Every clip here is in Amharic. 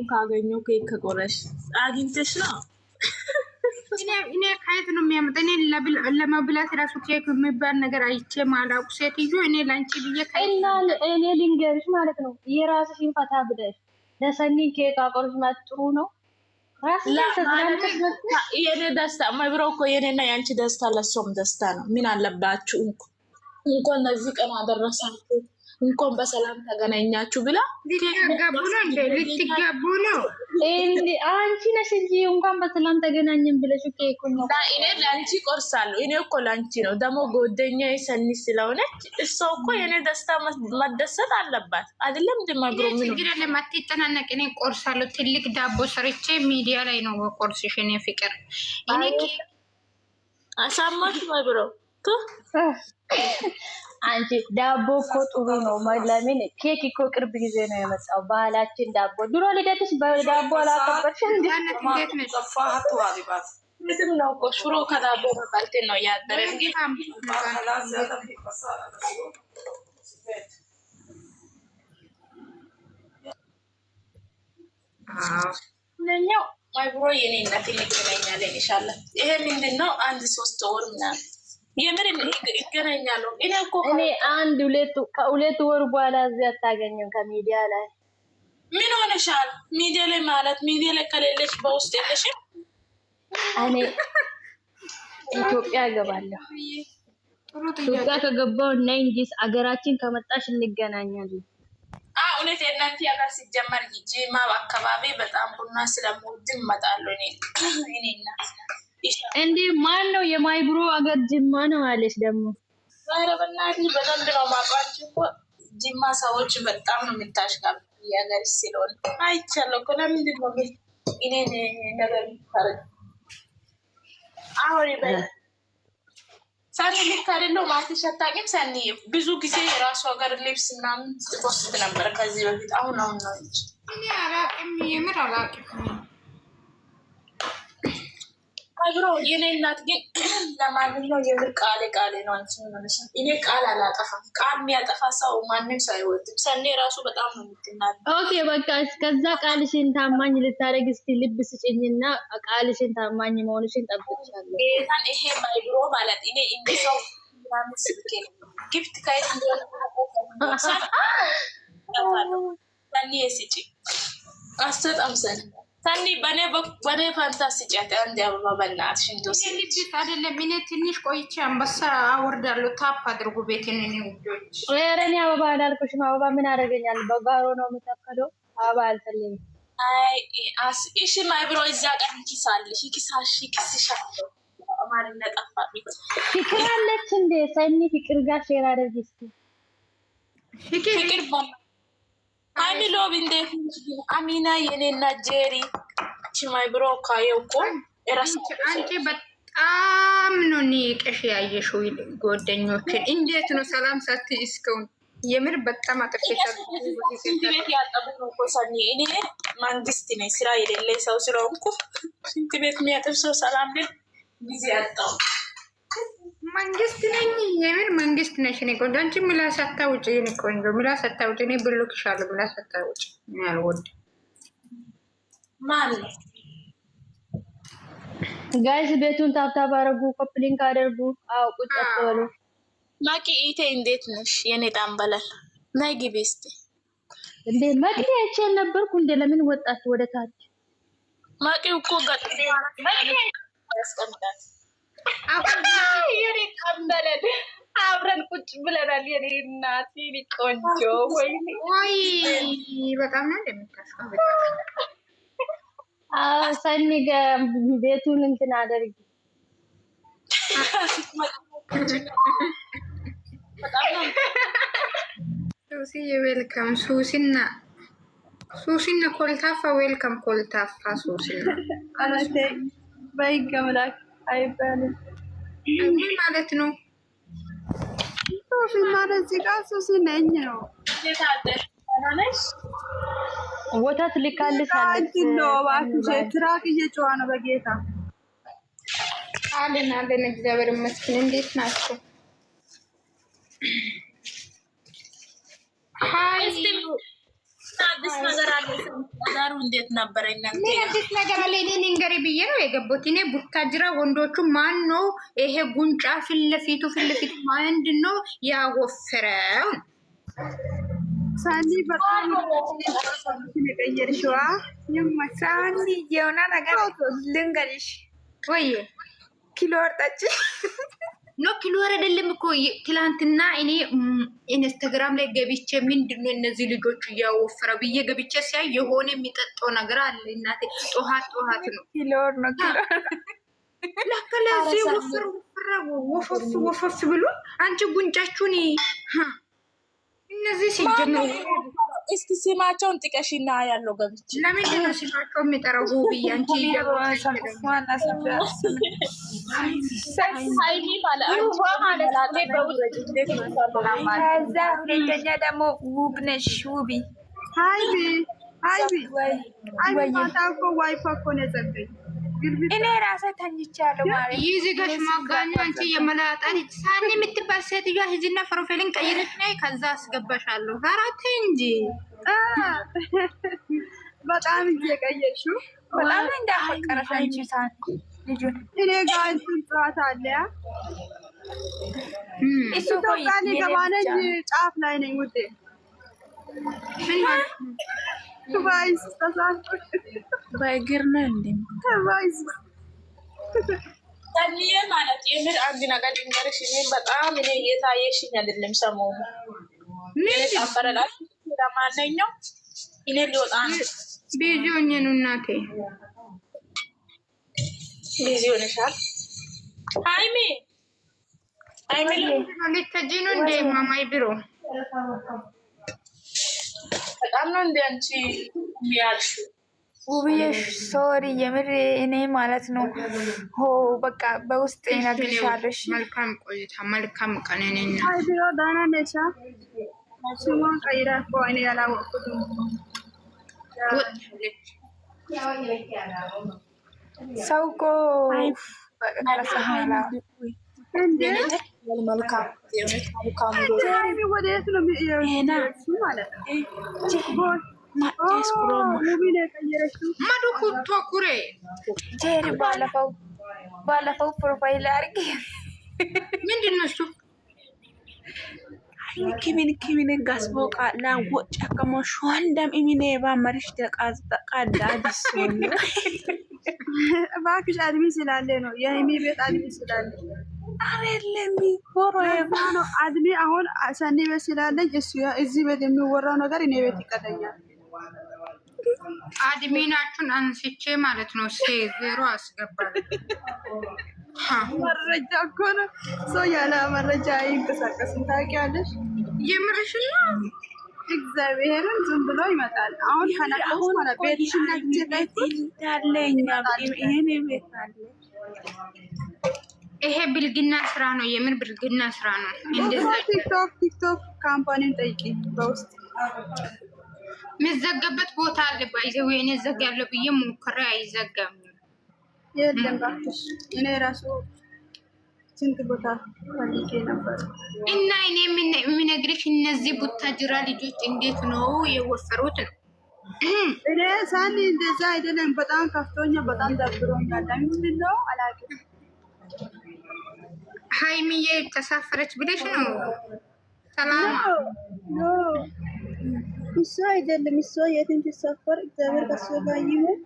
ሰውን ካገኘው ኬክ ከቆረሽ አግኝተሽ ነው። እኔ ከየት ነው የሚያመጣ? እኔ ለመብላት ራሱ ኬክ የሚባል ነገር አይቼ ማላውቅ ሴትዮ። እኔ ለአንቺ ብዬ ከእና እኔ ልንገርሽ ማለት ነው የራስሽን ፈታ ብለሽ ለሰኒ ኬክ አቆርሽ ማለት ጥሩ ነው። የኔ ደስታ መብሮ እኮ የኔና የአንቺ ደስታ ለሰውም ደስታ ነው። ምን አለባችሁ? እንኳን እነዚህ ቀን አደረሳችሁ። እንኳን በሰላም ተገናኛችሁ ብላ ልትጋቡ ነው። ነው አንቺ ነሽ እንጂ እንኳን በሰላም ተገናኘን ብለሽ እኔ ለአንቺ ቆርሳለሁ። እኔ እኮ ለአንቺ ነው። ደግሞ ጎደኛ ሰኒ ስለሆነች እሷ እኮ የኔ ደስታ መደሰት አለባት አይደለም? ድማግሮ ምንም አትጨናነቅ። እኔ ቆርሳለሁ። ትልቅ ዳቦ ሰርቼ ሚዲያ ላይ ነው ቆርስሽ። እኔ ፍቅር አሳማች ማግሮ አንቺ ዳቦ እኮ ጥሩ ነው። ለምን ኬክ እኮ ቅርብ ጊዜ ነው የመጣው። ባህላችን ዳቦ ድሮ ልደትሽ በዳቦ አላከበርሽ ነው እኮ ሽሮ ከዳቦ ነው ያደረ ማይብሮ ይሄ ምንድን ነው? አንድ ሶስት ወር ምናምን የምር ይገናኛሉ። እኔ አንድ ከሁለት ወር በኋላ እዚህ አታገኝም። ከሚዲያ ላይ ምን ሆነሻል? ሚዲያ ላይ ማለት ሚዲያ ላይ ከሌለች በውስጥ የለሽም። እኔ ኢትዮጵያ እገባለሁ። ኢትዮጵያ ከገባው እና እንጂ አገራችን ከመጣሽ እንገናኛለን። እውነት የእናንተ ሀገር ሲጀመር ጂማ አካባቢ በጣም ቡና ስለምወድ እመጣለሁ እኔ እንዴ ማን ነው የማይብሮ አገር ጅማ ነው አለች። ደግሞ ኧረ በእናትህ በደንብ ነው የማውቃቸው እኮ ጅማ ሰዎች በጣም ነው የምታሽቃብ የሀገር ስለሆነ አይቻለሁ እኮ ለምንድን ነው ግን እኔን ነገር የሚታረግ አሁን ይበል ሰኒ ልክ ነው ማለትሽ አታውቂም። ሰኒ ብዙ ጊዜ የራሱ ሀገር ልብስ ምናምን ስትወስድ ነበር ከዚህ በፊት አሁን አሁን ነው እንጂ እኔ አላውቅም፣ የምር አላውቅም። ዞሮ የኔ እናት ግን ለማንኛው የምር ቃሌ ቃሌ ነው። አንቺ እኔ ቃል አላጠፋም። ቃል የሚያጠፋ ሰው ማንም ሰው አይወድም። ሰኔ ራሱ በጣም ነው የምትናል። ኦኬ በቃ ከዛ ቃልሽን ታማኝ ልታደረግ እስኪ ልብ ስጭኝና ቃልሽን ታማኝ መሆንሽን ጠብቅሻለሁ። ጌታን ይሄ ማይብሮ ማለት እኔ እንዲ ሰው ስልኬ ግፍት ከየት እንደሆነ ሰኒ የስጭ አስተጣምሰን ሰኒ በኔ በኔ ፈንታ ስጨት አንድ አበባ በናትሽ እንዶ ልጅት አይደለም። እኔ ትንሽ ቆይቼ አንበሳ አወርዳለሁ። ታፕ አድርጉ ቤትን ውዶች። ረኔ አበባ አላልኩሽም። አበባ ምን አደረገኛል? በጓሮ ነው የምተከለው። አበባ አልፈልግም። እሺ ማይ ብሮ እዛ ቀን ይኪሳልሽ ይኪሳሽ ይኪስሻለሁ። አማርኛ ጠፋ። ፍቅር አለች እንዴ ሰኒ? ፍቅር ጋር ሼር አደርጊ እስኪ ፍቅር ሃይሚ ሎብ እንዴት አሚና የኔና ጄሪ ቺማይ ብሮ ካየው እኮ አንቺ በጣም ነው ኒቀሽ ያየሽው ጓደኞችን እንዴት ነው ሰላም ሳት እስከውን የምር በጣም አጥፍቻለሁ። ቤት ያጠቡ ነው እኮ ሰኒ። እኔ መንግስት ነኝ ስራ የሌለ ሰው ስለሆንኩ ሽንት ቤት የሚያጥብ ሰው ሰላም ብል ጊዜ ያጣው መንግስት ነኝ የምር መንግስት ነሽ። እኔ ቆንጆ አንቺ ምላስ አታውጪ። እኔ ቆንጆ ምላስ አታውጪ። እኔ ብሎክሻለሁ። ምላስ አታውጪ። አልወድም ማለት ጋይስ ቤቱን ታብታብ አድርጉ፣ ኮፕሊንክ አድርጉ። አዎ ቁጭ ማቂ ኢቴ እንዴት ነሽ የኔ ጣምበላል? ናይ ግቢ እስኪ እንዴ ማቂ አይቼ ነበርኩ እንዴ ለምን ወጣት ወደ ታች? ማቂ እኮ ጋር ያስቀምጣት የኔ ጠመለን አብረን ቁጭ ብለናል። የኔ እናት የኔ ቆንጆ ወይ በጣም ነው እንደምታስቀምጥ። ሰኒ ቤቱን እንትን አደርጊ ሱሲ ዌልካም ሱሲና ሱሲና ኮልታፋ ዌልካም ኮልታፋ ሱሲና በይገምላክ አይባልም። ምን ማለት ነው? ሶፊ ማለት እዚህ ጋር ሱሲ ነኝ ነው። ወተት ልካልሳለች ነው። እባክሽ ትራክ እየጨዋ ነው። በጌታ አለን አለን። እግዚአብሔር ይመስገን። እንዴት ናቸው? ሀይ አዲስ ነገር አለ። ዳሩ እንዴት ነበረ? ምን አዲስ ነገር አለ? እኔ ንገሪ ብዬ ነው የገባሁት። እኔ ቡታጅራ ወንዶቹ ማን ነው ይሄ ጉንጫ ፊት ለፊቱ ፊት ለፊቱ ምንድን ነው ያወፈረው? ሳኒ በጣም የቀየርሽዋ ሳኒ የሆነ ነገር ልንገሪሽ ወይ ኪሎ ወርጣች ኖ ኖክል ወረደልም እኮ ትላንትና፣ እኔ ኢንስታግራም ላይ ገብቼ ምንድን ነው እነዚህ ልጆቹ እያወፈረ ብዬ ገብቼ ሲያይ የሆነ የሚጠጣው ነገር አለ እናቴ፣ ጦሃት ጦሃት ነው ለከለዚህ ወፍር ወፍረ ወፈፍ ወፈፍ ብሎ አንቺ ጉንጫችሁን እነዚህ ሲጀምሩ እስቲ ስማቸውን ጥቀሽና ያለው ገብቼ ለምንድን ነው ስማቸው የሚጠረጉ ብዬ አንቺ ከዛ ሁለተኛ ደግሞ ውብ ነሽ ውቢ እኔ ራሴ ተኝቻለሁ። ይህ ዜጋሽ ማጋኛ አንቺ የመላጣ ልጅ ሳኒ የምትባል ሴትዮ ሂጂና ፕሮፋይልን ቀይረሽ ነይ፣ ከዛ አስገባሻለሁ። አራት እንጂ በጣም እየቀየርሽው በጣም እንዳፈቀረሽ አንቺ ሳኒ እኔ ጋር እንትን ጨዋታ አለ። ኢትዮጵያ ገባ ነኝ፣ ጫፍ ላይ ነኝ ውዴ። በእግር ነው እንዴ ሰኒዬ? ማለት የምር አንድ ነገር ልንገርሽ፣ እኔ በጣም እኔ እየታየሽኝ አይደለም ሰሞኑን። ታፈረላሽ እኔ ሊወጣ ነው ቢዩኝ እናቴ ቢዚ ሆነሻል ሀይሚ ልትሄጂ ነው እንደ ማማይ ቢሮ በጣም ነው እንደ አንቺ የሚያልሺው ውብዬ ሶሪ የምር እኔ ማለት ነው። ሆ በቃ በውስጥ ይነግርሻለሽ። መልካም ቆይታ፣ መልካም ቀን። እኔና ሰው እኮ ባለፈው ባለፈው ፕሮፋይል አድርጌ ምንድን ነው እሱ Kimiin kimiin gasboo qaallaa caqqamoo shuwan dam'iminee baan marishte qaaddaa dissoon እባክሽ አድሚ ስላለ ነው የሀይሚ ቤት አድሚ ስላለ አደለም ቦሮ ነው አድሚ አሁን ሰኒ ቤት ስላለኝ እሱ እዚህ ቤት የሚወራው ነገር እኔ ቤት ይቀለኛል። አድሚናችሁን አንስቼ ማለት ነው ሴ ዜሮ አስገባል መረጃ እኮ ነው። ሰው ያለ መረጃ አይንቀሳቀስም። ታውቂያለሽ? የምርሽና እግዚአብሔርን ዝም ብሎ ይመጣል። አሁን ይሄ ብልግና ስራ ነው። የምን ብልግና ስራ ነው? ቲክቶክ ቲክቶክ ካምፓኒን ጠይቂ። በውስጥ የሚዘጋበት ቦታ አለ። ባይዘ ወይኔ ዘጋ ያለው ብዬ ሞክሬ አይዘጋም የለም እባክሽ፣ እኔ ራሱ ስንት ቦታ ፈልጌ ነበር እና እኔ የምነግርሽ እነዚህ ቡታጅራ ልጆች እንዴት ነው የወፈሩት ነው። እኔ ሳኒ እንደዛ አይደለም። በጣም ከፍቶኛ፣ በጣም ደብሮኛል። ለምንድን ነው አላውቅም። ሀይሚዬ ተሳፈረች ብለሽ ነው? ሰላም እሱ አይደለም። እሱ የት እንድትሳፈር እግዚአብሔር ከሱ ጋር ይሁን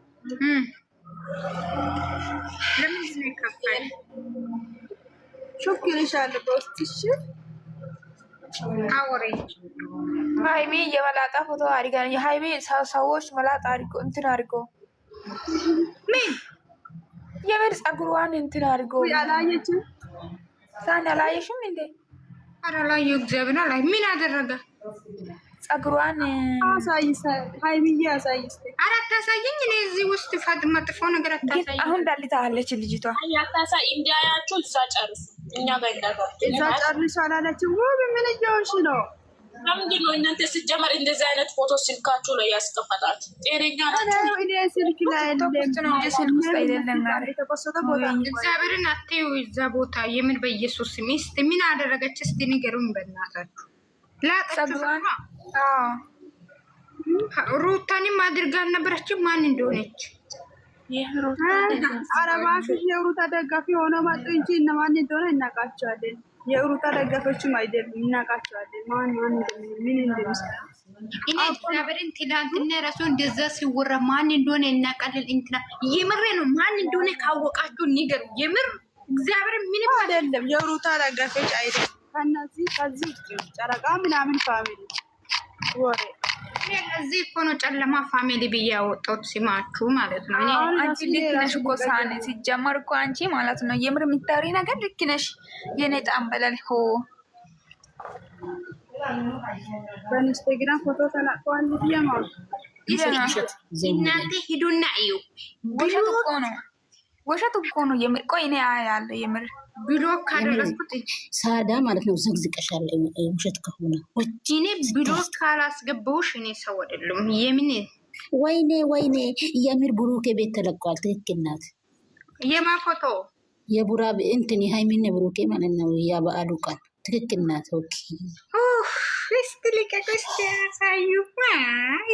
ለምንድን የከፋኝ? ሹክልሻለሁ በውስጥሽ አውሬ ሀይሜ የመላጣ ፎቶ አድጋ ሀይሜ ሰዎች መላጣ አድርጎ እንትን አድርጎ ምን የበር ጸጉሯን እንትን አድርጎ አላየችም። ሳን አላየሽም እንዴ? ኧረ እግዚአብሔር ላይ ምን አደረገ? ጸጉሯን ሀይሚዬ አሳይስ። ኧረ አታሳይኝ፣ እኔ እዚህ ውስጥ መጥፎ ነገር አታሳይኝ። አሁን ዳልታለች ልጅቷ አታሳይ፣ እንዲያያችሁ እዛ ጨርሱ፣ እኛ ጋር እዛ ጨርሱ አላለችም። ውብ ምን እየሆንሽ ነው? ለምንድን ነው እናንተ ስትጀመር እንደዚህ አይነት ፎቶ ስልካችሁ ላይ ያስቀመጣችሁ? ጤነኛ ስልክ ላይ እግዚአብሔርን አትይው። እዛ ቦታ የምን በኢየሱስ ሚስት ምን አደረገች? እስቲ ንገሩኝ በእናታችሁ ላጠ ሩታንም አድርጋ አልነበረችም? ማን እንደሆነች አረባሽ የሩታ ደጋፊ ሆነ ማጡ እንጂ እነማን እንደሆነ እናውቃቸዋለን። የሩታ ደጋፊዎችም አይደሉም፣ እናውቃቸዋለን። ማን ማን ምን እንደሚሰራ እኔ እግዚአብሔርን ትላንትና ራሱ እንደዛ ሲወራ ማን እንደሆነ እናውቃለን። እንትና የምሬ ነው። ማን እንደሆነ ካወቃችሁ ንገሩ። የምር እግዚአብሔር ምንም አይደለም። የሩታ ደጋፊዎች አይደሉም። ከነዚህ ከዚህ ጨረቃ ምናምን ፋሚሊ ወሬ እዚህ እኮ ነው ጨለማ ፋሚሊ ብዬ ያወጣሁት ሲማችሁ ማለት ነው። አንቺ ልክ ነሽ እኮ ሳን ሲጀመር እኮ አንቺ ማለት ነው የምር የሚታሪ ነገር ልክ ነሽ። የኔ ጣም በለል ሆ በኢንስታግራም ፎቶ ተላቀዋል ብዬ ማለት እናንተ ሂዱና እዩ። ውሸት እኮ ነው፣ ውሸት እኮ ነው የምር። ቆይ እኔ አያለሁ የምር ብሎክ ካደረስኩት ሳዳ ማለት ነው። ዘግዝቀሻል ውሸት ከሆነ እኔ ብሎክ ካላስገባሁሽ እኔ ሰው አይደለም። የምን ወይኔ ወይኔ የሚር ብሩክ ቤት ተለቀዋል። ትክክል ናት። የማ ፎቶ የቡራ እንትን የሃይሚን ብሩኬ ማለት ነው። ያ በአሉ ቀን ትክክል ናት። ኦኬ እስቲ ልቀቁ፣ እስቲ ያሳዩ፣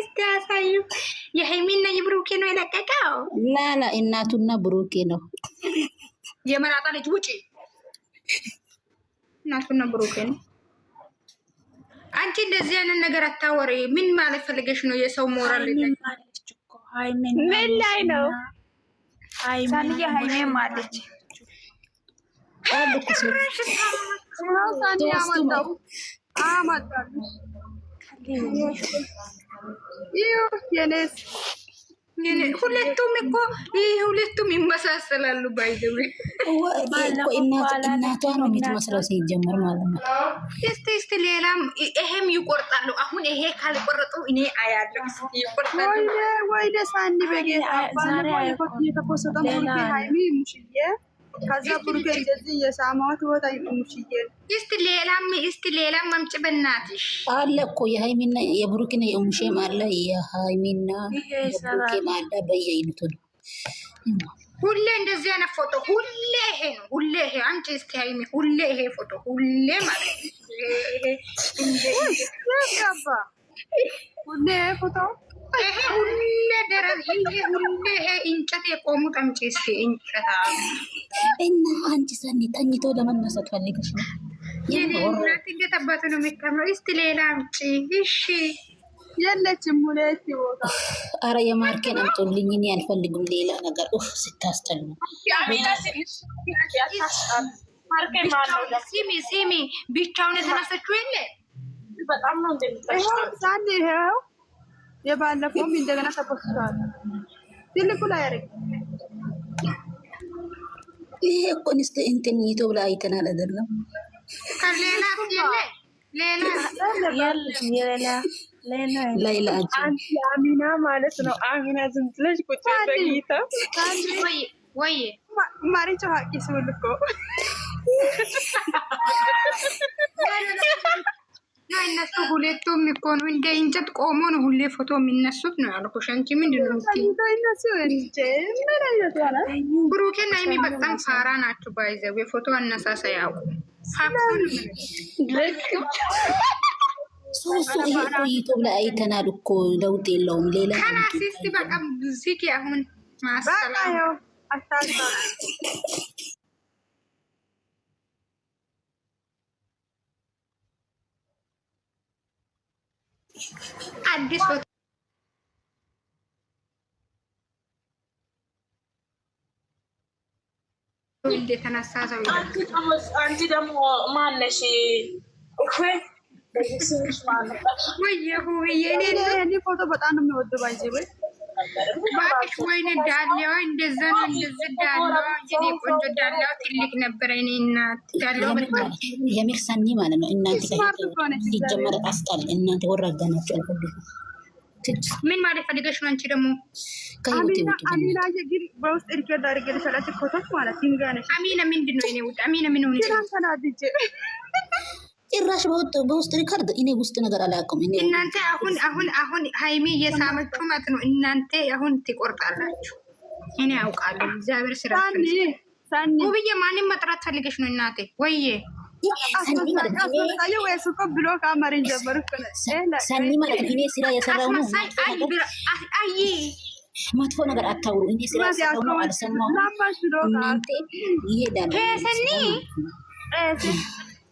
እስቲ ያሳዩ። የሃይሚና የብሩኬ ነው የለቀቀው። ላላ እናቱና ብሩኬ ነው የመራጣ ልጅ ውጪ እናቱና ብሩኬ አንቺ እንደዚህ አይነት ነገር አታወሪ። ምን ማለት ፈልገሽ ነው? የሰው ሞራል ምን ላይ ነው? ሳንዬ ሃይሜም አለች አመጣ ሁለቱም እኮ ይህ ሁለቱም ይመሳሰላሉ። ባይደዌ እናቷ ነው የምትመስለው ሲጀመር ማለት ነው። እስቲ እስቲ ሌላም ይሄም ይቆርጣሉ። አሁን ይሄ ካልቆረጡ እኔ አያለሁ ይቆርጣሉ። ወይደ ሳኒ በጌታ ዛሬ ተኮሰጠ ሙሽዬ ከዛ ብሩኬ እንደዚህ የሳማዎት ወጣ ይሙሽዬ እስቲ ሌላም እስቲ ሌላም አምጪ በእናትሽ አለ እኮ የሃይሚና የብሩክና የሙሽም አለ የሃይሚና የብሩክም አለ በየአይነቱ ነው። ሁሌ እንደዚህ አይነት ፎቶ ሁሌ ይሄ ነው። ሁሌ ይሄ አምጪ እስቲ ሃይሚ ሁሌ ይሄ ፎቶ ሁሌ ማለት ይሄ ሁሌ ፎቶ ይሄ ይሄ እንጨት የቆሙ ጠምጪ እስኪ እንጨት እና አንቺ ሰኒ ተኝቶ ለመነሳት ፈልገሽ ነው የእናት እንዴት አባቱ ነው የሚቀምረው? እስቲ ሌላ አምጪ። እሺ የለችም። ሁለት ቦታ አረ የማርኬን አምጡልኝ። እኔ አልፈልግም ሌላ ነገር። ኡፍ ስታስተሉ ሲሚ ሲሚ ብቻውን የተነሰችው የለ በጣም ነው እንደሚጠ የባለፈውም እንደገና ተፖስቷል። ትልቁ ላይ ያደረግ ይሄ እኮ ንስተ እንትን ይቶ ብላ አይተናል አይደለም። ሌላ አሚና ማለት ነው። አሚና ዝም ብለሽ ቁጭ በጌታ ወይ ማሪቾ ሀቂ ስብል እኮ እነሱ ሁለቱም እኮ ነው እንደ እንጨት ቆሞ ነው ሁሌ ፎቶ የሚነሱት ነው ያልኩሽ። አንቺ ምንድን ነው ብሩኬና ሀይሚ በጣም ሳራ ናችሁ። ባይዘው የፎቶ አነሳሳ ያውቁ ሶስቱ ዩቱብ አይተናል እኮ ለውጥ የለውም። ሌላ ከራሴ በጣም ዚክ አሁን ማስላ አዲስ ፎቶ እንደተነሳ ሰው አንቺ ደግሞ ማነሽ? ወይ የሁብዬ እኔ ፎቶ በጣም ነው የሚወደው ባይዘ ባክሽ ወይኔ ዳሌዋ እንደዛ ነው። እንደዚ ዳሌዋ የኔ ቆንጆ ዳሌዋ ትልቅ ነበረ። እኔ እናት ዳሌዋ የምር ሰኒ ማለት ነው። እናንተ ሲጀመር አስጣል እናንተ ወራዳ ናቸው። አልፈልግም። ምን ማለት ፈልገሽ ነው አንቺ? ደግሞ አሚና ምንድን ነው የኔ ውድ አሚና ምን ሆነሽ ጭራሽ በውስጥ ሪከርድ እኔ ውስጥ ነገር አላያውቅም። እናንተ አሁን አሁን አሁን ሀይሜ እየሳመች ማለት ነው። እናንተ አሁን ትቆርጣላችሁ። እኔ ያውቃሉ። እግዚአብሔር ስራ ውብዬ፣ ማንም መጥራት ፈልገሽ ነው እናቴ? ወይዬ ሰኒ መጥፎ ነገር አታውሩ። እኔ ስራ የሰራው ነው። አልሰማሁም። ይሄዳል ሰኒ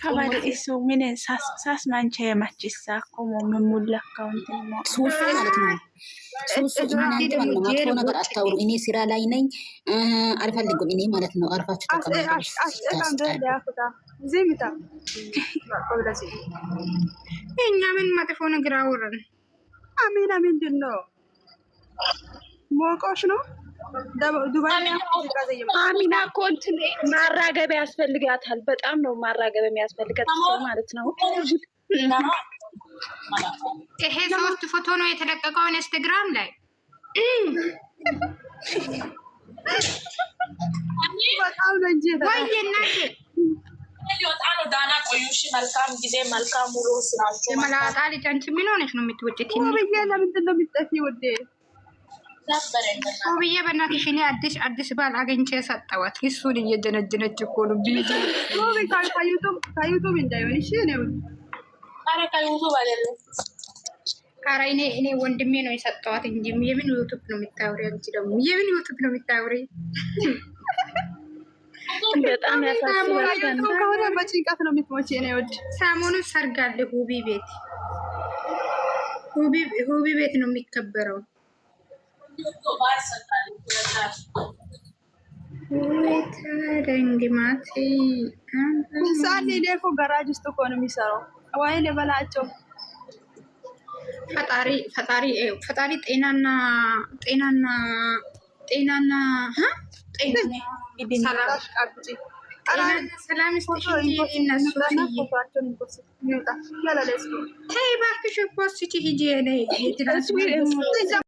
ከባድ እሱ ምን ሳስ ማንቻ የማችሳ እኮ የምሙላ አካውንት ሱፍ ማለት ነው። ሱፍ ነገር አታውሩ። እኔ ስራ ላይ ነኝ አልፈልጉም። እኔ ማለት ነው። አርፋችሁ እኛ ምን መጥፎ ነገር አውረን አሜና ምንድን ነው ሞቆሽ ነው አሚና እኮ እንትን ማራገቢያ ያስፈልጋታል። በጣም ነው ማራገብ የሚያስፈልጋት ማለት ነው። ይሄ ሶስት ፎቶ ነው የተለቀቀው ኢንስትግራም ላይ ዳና ቆዩሽ። መልካም ጊዜ፣ መልካም ውሎ ስራችሁ። ነው የምትወጪው? ለምንድን ነው የሚጠፊ ውዴ? ውብዬ በእናትሽ እኔ አዲስ አዲስ ባል አግኝቼ ሰጠዋት። እሱን እየጀነጀነች እኮ ነው። ከዩቱብ እንዳይሆን ኧረ እኔ እኔ ወንድሜ ነው የሰጠዋት እንጂ የምን ዩቱብ ነው የምታወሪ? አንቺ ደግሞ የምን ዩቱብ ነው የምታወሪ? በጣም በጭንቀት ነው የምትሞቼ። ነ ወድ ሰሞኑን ሰርግ አለ ሁቢ ቤት ሁቢ ቤት ነው የሚከበረው ምሳሌ እኮ ገራጅ ውስጥ እኮ ነው የሚሰራው። ወይ ልበላቸው ፈጣሪ ፈጣሪ ፈጣሪ ጤናና ጤናና ጤናና ሰላም ስትይ እነሱ